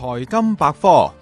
台金百科，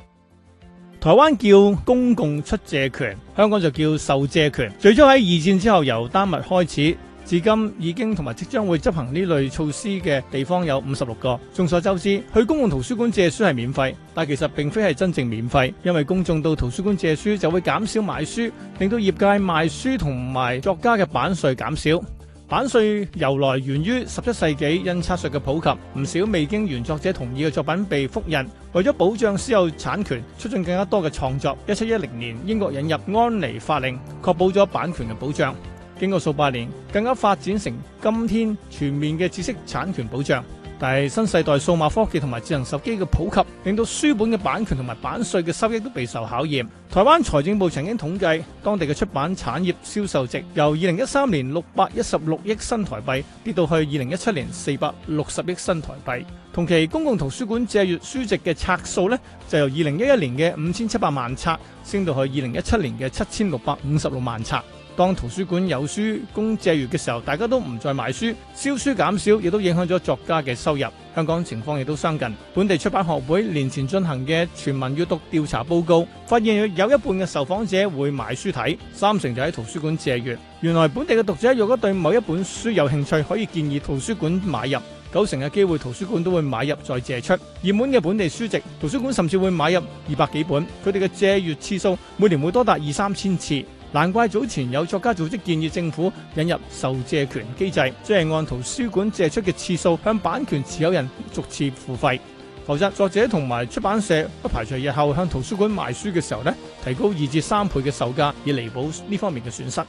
台灣叫公共出借權，香港就叫授借權。最初喺二戰之後由丹麥開始，至今已經同埋即將會執行呢類措施嘅地方有五十六個。眾所周知，去公共圖書館借書係免費，但其實並非係真正免費，因為公眾到圖書館借書就會減少買書，令到業界賣書同埋作家嘅版稅減少。版稅由來源於十七世紀印刷術嘅普及，唔少未經原作者同意嘅作品被複印。為咗保障私有產權，促進更加多嘅創作，一七一零年英國引入安妮法令，確保咗版權嘅保障。經過數百年，更加發展成今天全面嘅知識產權保障。但係新世代數碼科技同埋智能手機嘅普及，令到書本嘅版權同埋版稅嘅收益都備受考驗。台灣財政部曾經統計當地嘅出版產業銷售值，由二零一三年六百一十六億新台幣跌到去二零一七年四百六十億新台幣。同期公共圖書館借閲書籍嘅冊數呢，就由二零一一年嘅五千七百萬冊升到去二零一七年嘅七千六百五十六萬冊。當圖書館有書供借閲嘅時候，大家都唔再買書，銷書減少，亦都影響咗作家嘅收入。香港情況亦都相近。本地出版學會年前進行嘅全民閲讀調查報告，發現有一半嘅受訪者會買書睇，三成就喺圖書館借閲。原來本地嘅讀者若果對某一本書有興趣，可以建議圖書館買入。九成嘅機會，圖書館都會買入再借出熱門嘅本地書籍，圖書館甚至會買入二百幾本，佢哋嘅借閱次數每年會多達二三千次，難怪早前有作家組織建議政府引入授借權機制，即係按圖書館借出嘅次數向版權持有人逐次付費，否則作者同埋出版社不排除日後向圖書館賣書嘅時候咧，提高二至三倍嘅售價以彌補呢方面嘅損失。